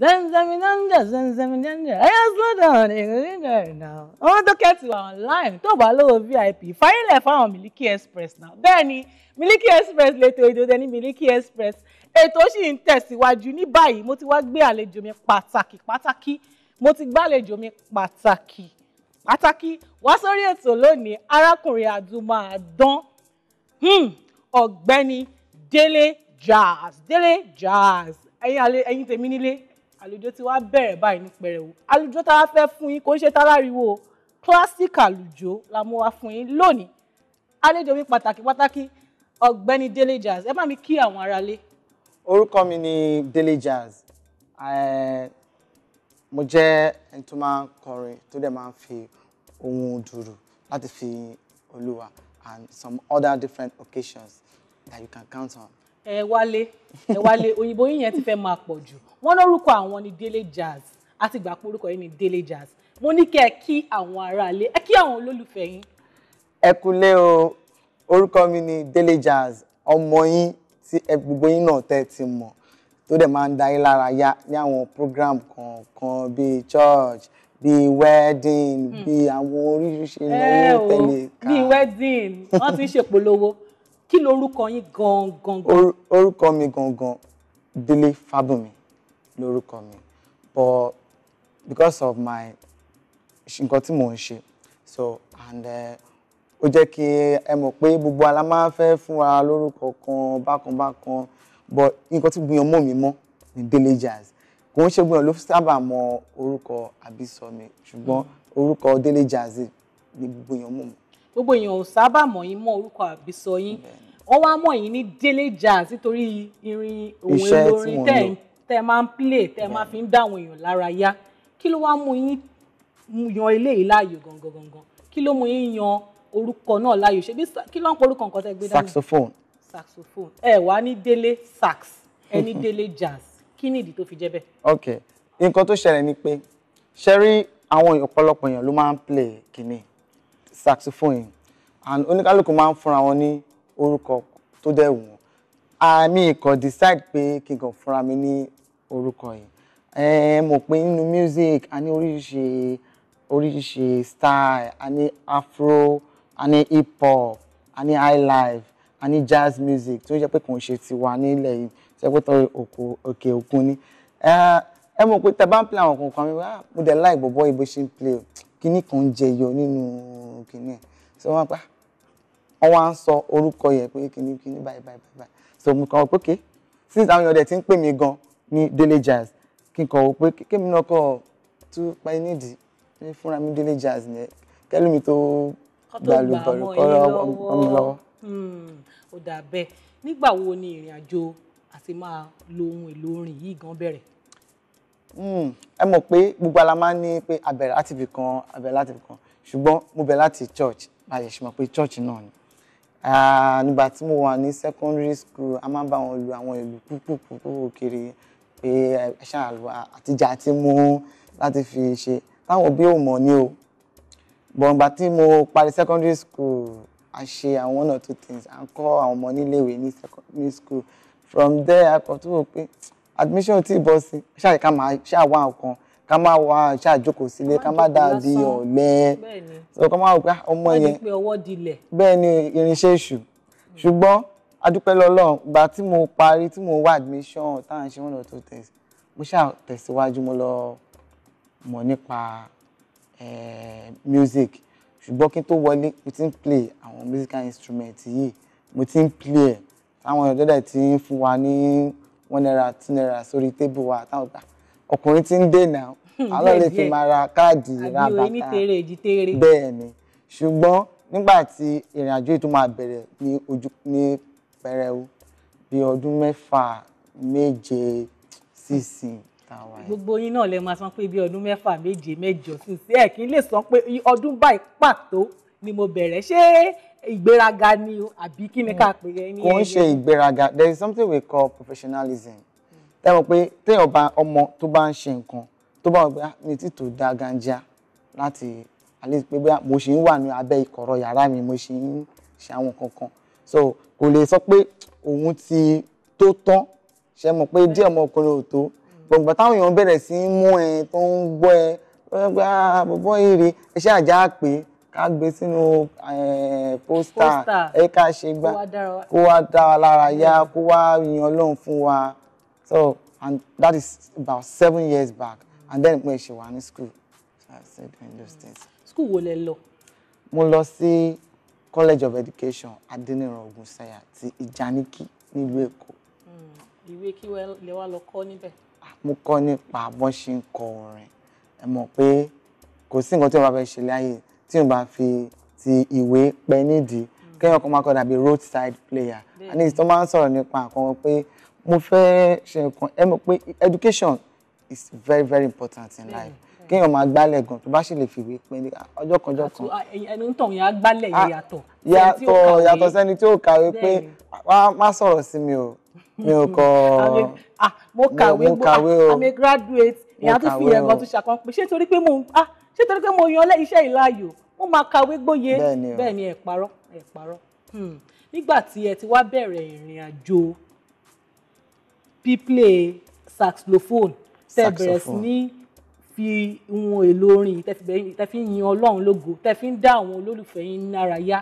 zẹ́nzẹ́mìnánjẹ́ zẹ́nzẹ́mìnánjẹ́ ayọ́sọ́dọ̀n ìrìnà owó tó kẹ́tù online tó bá lówó vip fáyínlẹ̀ fáwọn miliki express náà bẹ́ẹ̀ ni miliki express lẹ́tọ̀ ìdòdẹ ní miliki express ètò sì ń tẹ̀síwájú ní báyìí mo ti wá gbé àlejò mi pàtàkì pàtàkì mo ti gbàlejò mi pàtàkì pàtàkì wá sórí ètò lónìí arákùnrin àdúmọ̀àdán hmm, ọ̀gbẹ́ni délé jazz délé jazz ẹ̀yin tèmi nílé àlùjọ ti wá bẹ̀rẹ̀ báyìí ní pẹrẹwu àlùjọ tá a fẹ́ fún yín kò ń ṣe táláriwo classic àlùjọ la mú wá fún yín lónìí àlejò mi pàtàkì pàtàkì ọ̀gbẹ́ni Délé Jazz ẹ bá mi kí àwọn aráalé. orúkọ mi ni Délé Jazz mo jẹ́ ẹni tó máa ń kọrin tó dẹ̀ máa ń fi ohun dùrù láti fi Olúwa and some other different occasions that you can count on ẹ wálé ẹ wálé òyìnbó yìí yẹn ti fẹ́ máa pọ̀ jù wọ́n lórúkọ àwọn ni délé jazz àti ìgbà pé orúkọ yìí ni délé jazz mo ní kí ẹ kí àwọn aráalé ẹ kí àwọn olólùfẹ́ yín. ẹ kúlé o orúkọ mi ni délé jazz ọmọ yín tí ẹ gbogbo yín náà tẹ́ ti mọ̀ tó dẹ̀ máa ń dá yín ní àwọn program kọ̀ọ̀kan bíi church bíi wedding hmm. bíi àwọn oríṣiríṣi ìnáwó tẹ̀lé ká. bíi wedding wọ́n ti ń ṣèpolówó kí lorúkọ yín gangan. orúkọ mi gangan Délé Fábùnmi lorúkọ mi but because of my nǹkan tí mò ń ṣe so and eh, ó jẹ́ kí ẹ mọ̀ pé gbogbo ala máa ń fẹ́ fúnra lórúkọ kan bákan bákan but nǹkan tí gbìyànjú mọ̀ mí mọ́ ní Délé Jazz kò ń ṣe gbìyànjú ló sábà mọ orúkọ àbísọ mi ṣùgbọ́n orúkọ Délé Jazz ni gbìyànjú mọ̀ mọ́ gbogbo èèyàn ò sábà mọ̀ yín mọ́ orúkọ àbísọ yín wọ́n wá mọ̀ yín ní délé jazz nítorí irin òun olórin tẹ̀ tẹ̀ máa ń play tẹ̀ máa fi ń dá àwọn èèyàn lára yá kí ló wá mú yín yan eléyìí láàyò gangan gangan kí ló mú yín yan orúkọ náà láàyò ṣe bí kí ló ń pe orúkọ nǹkan tẹ́ gbé dání saxophone saxophone ẹ wá ní délé sax ẹ délé jazz kí ni tó fi jẹ́ bẹ́ẹ̀. ok nǹkan tó ṣẹlẹ̀ ni pé ṣẹ́rí àwọn ọ̀pọ̀lọpọ̀ èèyàn ló máa ń play kínní saxophone and oníkálukú máa ń fúnra wọn ní orúkọ tó dẹ̀ wù wọ́n àmì ikọ̀ decide pé kí n kàn fúnra mi ní orúkọ yìí mo pè nínú music a ní oríṣiríṣi oríṣiríṣi style a ní afro a ní hip hop a ní highlife a ní jazz music tó jẹ́ pé kò ń ṣe tiwa nílẹ̀ yìí tó jẹ́ pé tọ́ òkè òkun ni ẹ mọ̀ pé tẹ bá ń play àwọn kankan mi mo dẹ̀ like bọ̀bọ̀ ìbò ṣe ń play o kinní kan jẹyọ nínú kinní ẹ̀ so wọ́n pa ah, wọ́n wá ń sọ orúkọ yẹn pé kinní kinní báyìí báyìí báyìí so mo kàn wọ́n pé ké since àwọn èèyàn dẹ̀ ti ń pè mí gan ní Délé Jazz kí n kàn wọ́n pé kémi náà kọ́ tún pa iná ìdí fúnra mi Délé Jazz yẹn kẹ́lómi tó gbàlùbọ̀lù kọ́ ọmọ lọ́wọ́. Hmm, ó dà bẹ́ẹ̀ nígbà wo ni ìrìn àjò àti máa lo ohun èlò orin yìí gan bẹ̀rẹ̀? Hmm. ẹ mọ̀ pé gbogbo ala máa ń ní pé abẹ̀rẹ̀ láti fi kan abẹ̀rẹ̀ láti fi kan ṣùgbọ́n mo bẹ̀rẹ̀ láti church ayẹ̀ ṣe mọ̀ pé church náà ni nígbà tí mo wà ní secondary school a máa ń bá wọn lu àwọn ìlú púpùpù kiri pé ẹ ṣáà lu àtijọ́ àti mú láti fi ṣe táwọn òbí ò mọ̀ ní o bọ̀ǹgbà tí mo parí secondary school a ṣe àwọn one or two things à ń kọ́ àwọn ọmọ níléèwé ní school from there a kọ̀ tó wò pé admission tí bọ́ sí ṣáà ká máa ṣáà wá nǹkan ká máa wá ṣáà jókòó sílé ká má dáa di ọ̀lẹ so ká máa wò pé ah, ọmọ yẹn bẹ́ẹ̀ ni irinṣẹ́ èṣù ṣùgbọ́n adúpẹ́ lọ́lọ́run tí mo parí tí mo wá admission tá à ń ṣe one or two test mo ṣáà tẹ̀síwájú mo lọ mọ̀ nípa music ṣùgbọ́n kí n tó wọlé mo ti ń play àwọn musical instrument yìí mo ti ń play ẹ̀ táwọn ọ̀dọ́dẹ̀ ti ń fún wa ní one naira two naira sórí tébù wa táwọn gbà ọkùnrin ti ń dènà àwọn lè fi máa ra káàdì ra bàtà ni ṣùgbọ́n nígbà tí ìrìn àjò ètò máa bẹ̀rẹ̀ ní ojú ní pẹrẹwu bí ọdún mẹ́fà méje sísìn táwa ẹ̀. gbogbo yín náà lè máa san pé bí ọdún mẹ́fà méje mẹ́jọ sísìn ẹ̀ kí n lè sọ pé ọdún báyìí pàtó ni mo bẹ̀rẹ̀ ṣé ìgbéraga ni o àbí kí ni ká hmm. pè é ní. kò ń ṣe ìgbéraga there is something we call professionalism ẹ mọ̀ pé téèyàn bá ọmọ tó bá ń ṣe nǹkan tó bá wọ̀ pé ní ah, títò dá ganja láti àlejò pé mo ṣì ń wà ní abẹ́ ìkọ̀rọ̀ yàrá mi mo ṣì ń ṣe àwọn nǹkan so kò lè sọ pé òun ti tó tán ṣe mọ̀ pé díẹ̀ ọmọkùnrin ò tó gbọ̀ngbọ̀n táwọn èèyàn bẹ̀rẹ̀ sí í mú ẹ tó ń gbọ́ ẹ ah, bọ́bọ́ ìrì iṣẹ́ àjá pé ká gbé sínú eh, pósítà ẹ ká ṣe gbá kó wá dá wa lára yá kó wá yan Ọlọ́run fún wa so and that is about seven years back and then mo ṣe wà ní school so I said in those days. school wo lẹ lọ. mo lọ sí College of Education Adeniran Ogunsanya ti Ijaniki nílùú Èkó. Hmm, ìwé kí lè wá lọ kọ́ níbẹ̀. mo kọ́ nípa bọ́n ṣe ń kọ orin ẹ mọ̀ pé kò sí nǹkan tí wọ́n bá fẹ́ ṣe láyé tí o bá fi ti ìwé pẹ nídìí mm. kẹ́yìn ọkọ̀ máa kọ́ dàbí roadside player àní tó máa ń sọ̀rọ̀ nípa àkọ́wọ́ pé mo fẹ́ ṣe nǹkan ẹ mọ̀ pé education is very very important in life kéèyàn máa gbálẹ̀ gan tó bá sì lè fìwé pé ọjọ́ kan ọjọ́ kan. ẹni ń tọ̀hún yà gbálẹ̀ ah, yàtọ̀. yàtọ̀ yàtọ̀ sẹ́ni tí ó kàwé pé má sọ̀rọ̀ sí mi o mi ò kọ́ ah, mo kàwé mo ah, kàwé o I'm a graduate ìyá tó fi ẹ̀gbọ́n tó ṣàkóso ṣé torí pé mo ń ṣé torí pé mo yan iṣẹ́ ìláyò mo máa kàwé gbóyè bẹ́ẹ̀ ni ẹ parọ́ ẹ parọ́ hmm. nígbà tí ẹ ti wá bẹ̀rẹ̀ ìrìn àjò píplẹ̀ saxophone tẹ́ bẹ̀rẹ̀ sí ní fi ohun èlò orin tẹ́ fi yin Ọlọ́run lógo tẹ́ fi ń dá àwọn olólùfẹ́ yín nárayá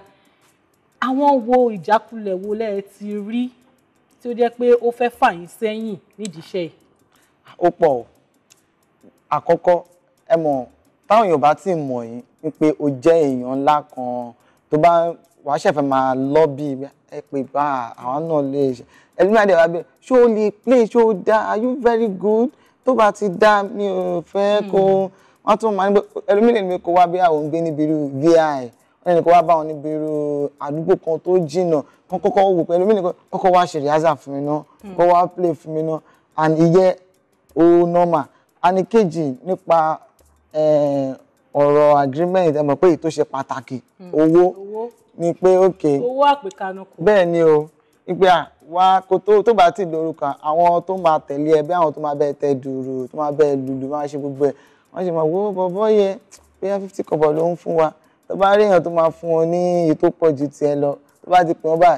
àwọn wo ìjákulẹ̀ wo lẹ́ẹ̀ ti rí tí ó jẹ́ pé ó fẹ́ fà yín sẹ́yìn nídìí iṣẹ́ yìí. ó pọ̀ o àkọ́kọ́ ẹ mọ̀ táwọn èèyàn bá ti mọ̀ yín wípé o jẹ́ èèyàn ńlá kan tó bá wàá ṣẹ̀fẹ̀ máa lọ́ bí ẹ pé bá àwọn náà lè ṣe ẹlẹ́mìíràn wá bẹ́ẹ̀ ṣó o lè play ṣó o dá are you very good tó bá ti dá mi ò fẹ́ hmm. kó wọ́n tún máa ń gbé ẹlẹ́mìíràn ni kó wá bí àwọn ń gbé níbi irú vi wọ́n ní kó wá bá wọn níbi irú àdúgbò kan tó jìnnà kán kọ́kọ́ wò pé ẹlẹ́mìíràn kọ́kọ́ wá ṣe fún mi náà hmm. kọ́kọ́ wá play fún mi náà and ìyẹn o normal and ìkejì nípa Eh, ọ̀rọ̀ agreement ẹ mọ̀ pé èyí tó ṣe pàtàkì hmm. owó ni pé ok owó àpèkánu kù bẹ́ẹ̀ ni o ìpè à wá kó tó tó bá ti lórúkọ àwọn tó máa tẹ̀lé ẹ bí àwọn tó máa bẹ́ẹ̀ tẹ dùrù tó máa bẹ́ẹ̀ lùlù máa ṣe gbogbo ẹ̀ wọ́n ṣe máa wo bọ́bọ́ yẹ bóyá fifty kọ̀bọ̀ ló ń fún wa tó bá rí èèyàn tó máa fún ọ ní iye tó pọ̀ ju tiẹ̀ lọ tó bá di pé wọ́n bá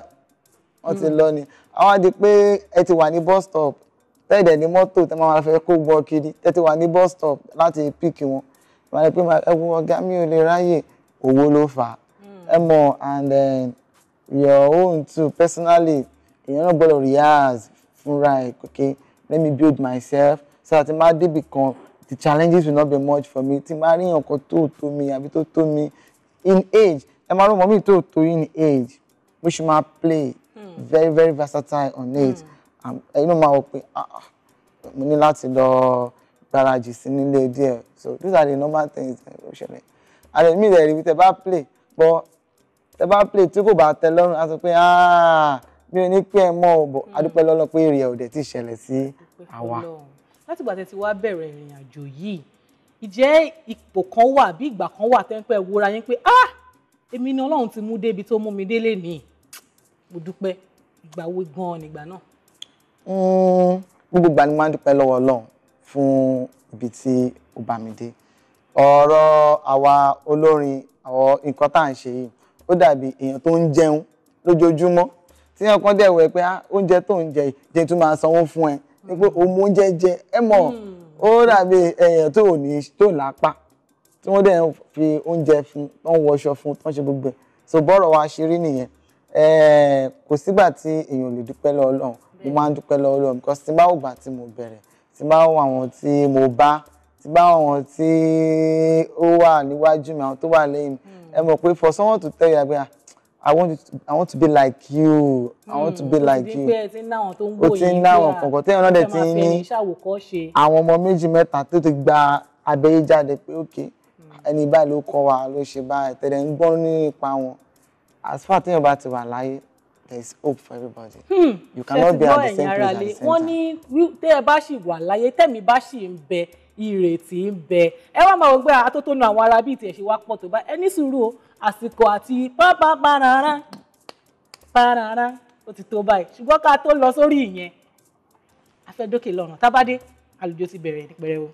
wọ́n ti hmm. lọ ni àwọn á di pé ẹ ti wà ní bus stop tẹ́ẹ̀dẹ̀ ní mọ́tò tẹ́ máa fẹ́ kó gbọ́ kiri tẹ́tí wà ní bus stop láti píkì wọn wọ́n pé ẹ̀wọ̀n ọ̀gá mi ò lè ráyè owó ló fà á hmm. ẹ mọ̀ and then your own too personally èèyàn náà gbọ́dọ̀ rehearse fúnra ẹ̀ okay let me build myself so that máa débì kan the challenges will not be much for me tí máa rí nǹkan tó tó mi àbí tó tó mi in age ẹ máa rí ọmọ mi tó tó in age which ma play hmm. very very versatile on age. Mm ẹ̀yin náà máa wò pé ah, ah, mo ní láti lọ gbáradì sí nílé díẹ̀ so these are the normal things ó ṣẹlẹ̀ and then mi rẹ̀ rí tẹ bá play pọ̀ tẹ bá play tí kò bá tẹ lọ́rùn á sọ pé ah, mi ò ní pé ẹ mọ́ ọ bọ̀ adúpẹ́ lọ́lọ́ pé èrè ọ̀dẹ̀ ti ṣẹlẹ̀ sí àwa. láti ìgbà tẹ ti wá bẹ̀rẹ̀ ìrìn àjò yìí ìjẹ́ ipò kan wà bí ìgbà kan wà tẹ́ ń pẹ́ wúra yín pé ah èmi ni Ọlọ́run ti mú débi tó mú mi délé nìyí mo dúpẹ́ ìgbà wo gan-an nígbà náà. Hmm, gbogbo ìgbà ni mo máa ń dúpẹ́ lọ́wọ́ ọlọ́run fún ibi tí ó bá mi dé ọ̀rọ̀ àwa olórin ọ̀ nǹkan tá à ń ṣe yìí ó dàbí èèyàn tó ń jẹun lójoojúmọ́ tí èèyàn kan dẹ̀ wẹ̀ pé ah, oúnjẹ tó ń jẹ jẹ́ tó máa sanwó fún ẹ ni pé òun oúnjẹ jẹ ẹ mọ̀ ó dàbí èèyàn tó ò ní tó lápá tí wọ́n dẹ̀ fi oúnjẹ fún tó wọṣọ fún tó ṣe gbogbo ẹ̀ so bọ́rọ̀ wa ṣe rí nìyẹn kò sígbà tí èèyàn ò lè dúpẹ́ lọ́ọ́ mo máa ń dúpẹ́ lọ́wọ́ lọ́wọ́ because tí bá ògbà tí mo bẹ̀rẹ̀ tí bá àwọn tí mo bá tí bá àwọn tí ó wà níwájú mi àwọn tó wà lẹ́yìn mi ẹ mọ̀ pé for someone to tell you agbe ah I want to I want to be like you. I want to be like hmm, you. O ti ń láwọn kọ̀ọ̀kan tẹ́yìn náà dẹ̀ ti ní àwọn ọmọ méjì mẹ́ta tó ti gba abẹ́yé jáde pé okay hmm. ẹni báyìí ló kọ́ wa ló ṣe báyìí tẹ̀lé ń gbọ́n nípa wọn as far téèyàn bá ti wà láyé there is hope for everybody. Hmm. you cannot be at the same place at the same time. wọ́n ní tẹ́ ẹ bá ṣì wà láyé tẹ̀mí bá ṣì ń bẹ ìrètí ń bẹ ẹ wá máa gbé àtótónu àwọn ará bíi tiẹ̀ ṣe wá pọ̀ tó bá ẹ ní sùúrù o àsìkò àti pápá parara parara ti tó báyìí ṣùgbọ́n ká tó lọ sórí ìyẹn afẹ́dókè lọ́rùn tábádé àlùjọ ti bẹ̀rẹ̀ nípẹ̀rẹ̀ o.